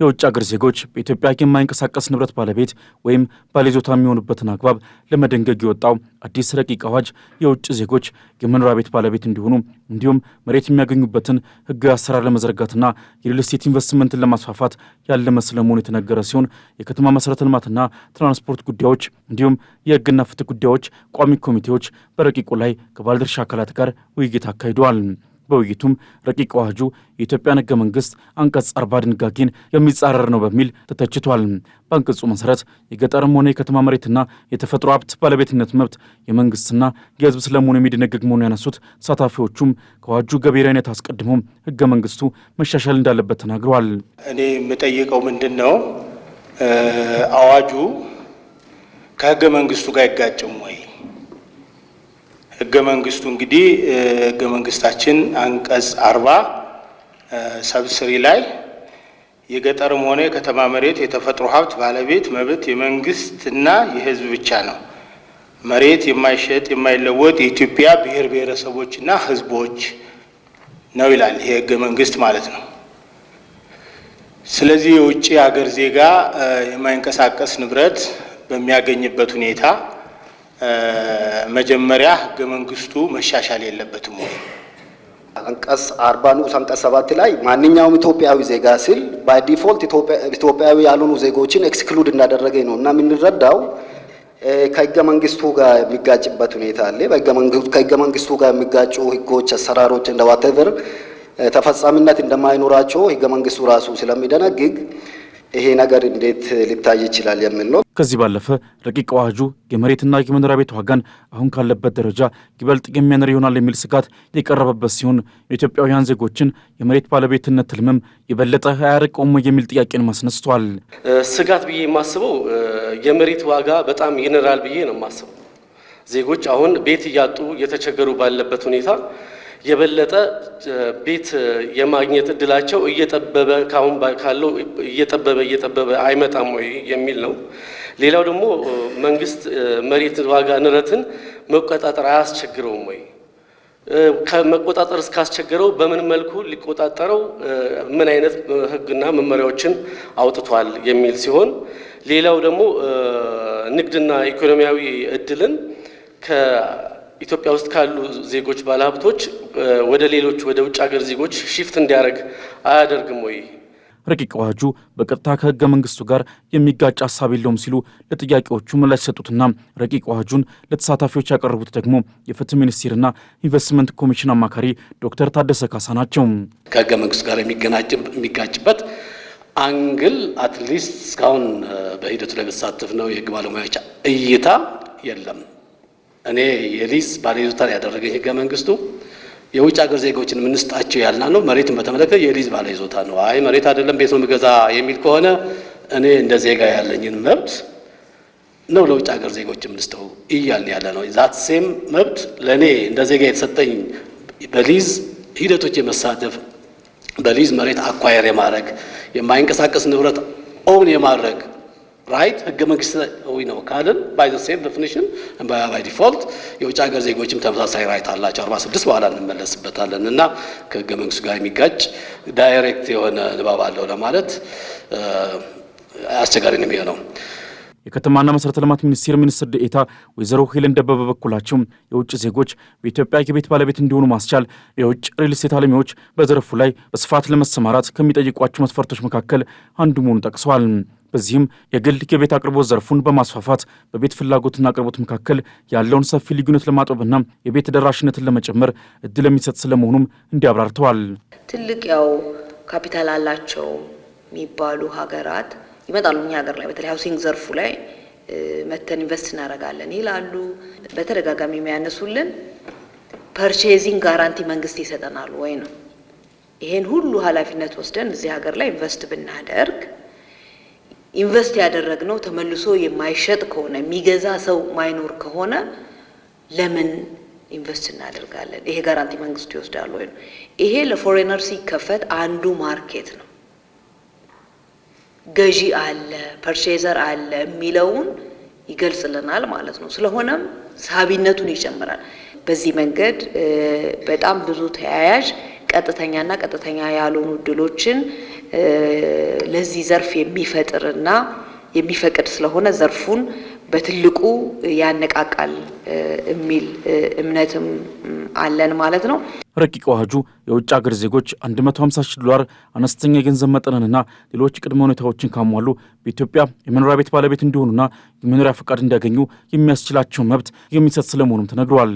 የውጭ አገር ዜጎች በኢትዮጵያ የማይንቀሳቀስ ንብረት ባለቤት ወይም ባለይዞታ የሚሆኑበትን አግባብ ለመደንገግ የወጣው አዲስ ረቂቅ አዋጅ የውጭ ዜጎች የመኖሪያ ቤት ባለቤት እንዲሆኑ እንዲሁም መሬት የሚያገኙበትን ሕጋዊ አሰራር ለመዘርጋትና የሪል ስቴት ኢንቨስትመንትን ለማስፋፋት ያለመ ስለመሆኑ የተነገረ ሲሆን የከተማ መሰረተ ልማትና ትራንስፖርት ጉዳዮች እንዲሁም የሕግና ፍትህ ጉዳዮች ቋሚ ኮሚቴዎች በረቂቁ ላይ ከባለድርሻ አካላት ጋር ውይይት አካሂደዋል። በውይይቱም ረቂቅ አዋጁ የኢትዮጵያን ህገ መንግስት አንቀጽ አርባ ድንጋጌን የሚጻረር ነው በሚል ተተችቷል። በአንቀጹ መሰረት የገጠርም ሆነ የከተማ መሬትና የተፈጥሮ ሀብት ባለቤትነት መብት የመንግስትና የህዝብ ስለመሆኑ የሚደነግግ መሆኑ ያነሱት ተሳታፊዎቹም ከአዋጁ ገቢራዊነት አስቀድሞ ህገ መንግስቱ መሻሻል እንዳለበት ተናግረዋል። እኔ የምጠይቀው ምንድን ነው አዋጁ ከህገ መንግስቱ ጋር አይጋጭም ወይ? ህገ መንግስቱ እንግዲህ ህገ መንግስታችን አንቀጽ አርባ ሰብስሪ ላይ የገጠርም ሆነ የከተማ መሬት የተፈጥሮ ሀብት ባለቤት መብት የመንግስትና የህዝብ ብቻ ነው። መሬት የማይሸጥ የማይለወጥ የኢትዮጵያ ብሔር ብሔረሰቦችና ህዝቦች ነው ይላል ይሄ ህገ መንግስት ማለት ነው። ስለዚህ የውጭ ሀገር ዜጋ የማይንቀሳቀስ ንብረት በሚያገኝበት ሁኔታ መጀመሪያ ህገ መንግስቱ መሻሻል የለበትም ወይ? አንቀጽ አርባ ንዑስ አንቀጽ ሰባት ላይ ማንኛውም ኢትዮጵያዊ ዜጋ ሲል ባይ ዲፎልት ኢትዮጵያዊ ያልሆኑ ዜጎችን ኤክስክሉድ እንዳደረገ ነው እና የምንረዳው ከህገ መንግስቱ ጋር የሚጋጭበት ሁኔታ አለ። ከህገ መንግስቱ ጋር የሚጋጩ ህጎች፣ አሰራሮች እንደ ተፈጻሚነት እንደማይኖራቸው ህገ መንግስቱ ራሱ ስለሚደነግግ ይሄ ነገር እንዴት ሊታይ ይችላል የሚል ነው። ከዚህ ባለፈ ረቂቅ አዋጁ የመሬትና የመኖሪያ ቤት ዋጋን አሁን ካለበት ደረጃ ይበልጥ የሚያንር ይሆናል የሚል ስጋት የቀረበበት ሲሆን የኢትዮጵያውያን ዜጎችን የመሬት ባለቤትነት ህልምም የበለጠ አያርቀውም የሚል ጥያቄን አስነስቷል። ስጋት ብዬ የማስበው የመሬት ዋጋ በጣም ይንራል ብዬ ነው የማስበው። ዜጎች አሁን ቤት እያጡ እየተቸገሩ ባለበት ሁኔታ የበለጠ ቤት የማግኘት እድላቸው እየጠበበ ካሁን ካለው እየጠበበ እየጠበበ አይመጣም ወይ የሚል ነው። ሌላው ደግሞ መንግስት መሬት ዋጋ ንረትን መቆጣጠር አያስቸግረውም ወይ? ከመቆጣጠር እስካስቸገረው በምን መልኩ ሊቆጣጠረው ምን አይነት ህግና መመሪያዎችን አውጥቷል የሚል ሲሆን ሌላው ደግሞ ንግድና ኢኮኖሚያዊ እድልን ኢትዮጵያ ውስጥ ካሉ ዜጎች ባለሀብቶች ወደ ሌሎች ወደ ውጭ ሀገር ዜጎች ሽፍት እንዲያደርግ አያደርግም ወይ? ረቂቅ አዋጁ በቀጥታ ከህገ መንግስቱ ጋር የሚጋጭ ሀሳብ የለውም ሲሉ ለጥያቄዎቹ ምላሽ ሰጡትና ረቂቅ አዋጁን ለተሳታፊዎች ያቀረቡት ደግሞ የፍትህ ሚኒስቴርና ኢንቨስትመንት ኮሚሽን አማካሪ ዶክተር ታደሰ ካሳ ናቸው። ከህገ መንግስቱ ጋር የሚጋጭበት አንግል አትሊስት እስካሁን በሂደቱ ላይ ነው የህግ ባለሙያዎች እይታ የለም። እኔ የሊዝ ባለይዞታን ያደረገኝ ህገ መንግስቱ የውጭ ሀገር ዜጎችን የምንስጣቸው ያልና ነው። መሬትን በተመለከተ የሊዝ ባለይዞታ ነው። አይ መሬት አይደለም ቤት ነው ምገዛ የሚል ከሆነ እኔ እንደ ዜጋ ያለኝን መብት ነው ለውጭ ሀገር ዜጎች የምንስጠው እያልን ያለ ነው። ዛት ሴም መብት ለእኔ እንደ ዜጋ የተሰጠኝ በሊዝ ሂደቶች የመሳተፍ በሊዝ መሬት አኳየር የማድረግ የማይንቀሳቀስ ንብረት ኦውን የማድረግ ራይት ህገ መንግስታዊ ነው ካልን ባይ ዘ ሴም ዴፊኒሽን ባይ ዲፎልት የውጭ ሀገር ዜጎችም ተመሳሳይ ራይት አላቸው። 46 በኋላ እንመለስበታለን እና ከህገ መንግስቱ ጋር የሚጋጭ ዳይሬክት የሆነ ንባብ አለው ለማለት አስቸጋሪ ነው የሚሆነው። የከተማና መሠረተ ልማት ሚኒስቴር ሚኒስትር ዴኤታ ወይዘሮ ሄለን ደበበ በበኩላቸው የውጭ ዜጎች በኢትዮጵያ የቤት ባለቤት እንዲሆኑ ማስቻል የውጭ ሪል ስቴት አልሚዎች በዘርፉ ላይ በስፋት ለመሰማራት ከሚጠይቋቸው መስፈርቶች መካከል አንዱ መሆኑን ጠቅሰዋል። በዚህም የግል የቤት አቅርቦት ዘርፉን በማስፋፋት በቤት ፍላጎትና አቅርቦት መካከል ያለውን ሰፊ ልዩነት ለማጥበብና የቤት ተደራሽነትን ለመጨመር እድል የሚሰጥ ስለመሆኑም እንዲያብራርተዋል። ትልቅ ያው ካፒታል አላቸው የሚባሉ ሀገራት ይመጣሉ እኛ ሀገር ላይ በተለይ ሀውሲንግ ዘርፉ ላይ መተን ኢንቨስት እናደርጋለን ይላሉ። በተደጋጋሚ የሚያነሱልን ፐርቼዚንግ ጋራንቲ መንግስት ይሰጠናል ወይ ነው። ይሄን ሁሉ ኃላፊነት ወስደን እዚህ ሀገር ላይ ኢንቨስት ብናደርግ ኢንቨስት ያደረግነው ተመልሶ የማይሸጥ ከሆነ የሚገዛ ሰው ማይኖር ከሆነ ለምን ኢንቨስት እናደርጋለን? ይሄ ጋራንቲ መንግስት ይወስዳል ወይ ነው። ይሄ ለፎሬነር ሲከፈት አንዱ ማርኬት ነው። ገዢ አለ፣ ፐርቼዘር አለ የሚለውን ይገልጽልናል ማለት ነው። ስለሆነም ሳቢነቱን ይጨምራል። በዚህ መንገድ በጣም ብዙ ተያያዥ ቀጥተኛና ቀጥተኛ ያልሆኑ እድሎችን ለዚህ ዘርፍ የሚፈጥርና የሚፈቅድ ስለሆነ ዘርፉን በትልቁ ያነቃቃል የሚል እምነትም አለን ማለት ነው። ረቂቅ አዋጁ የውጭ ሀገር ዜጎች 150 ሺህ ዶላር አነስተኛ የገንዘብ መጠንንና ሌሎች ቅድመ ሁኔታዎችን ካሟሉ በኢትዮጵያ የመኖሪያ ቤት ባለቤት እንዲሆኑና የመኖሪያ ፈቃድ እንዲያገኙ የሚያስችላቸው መብት የሚሰጥ ስለመሆኑም ተነግሯል።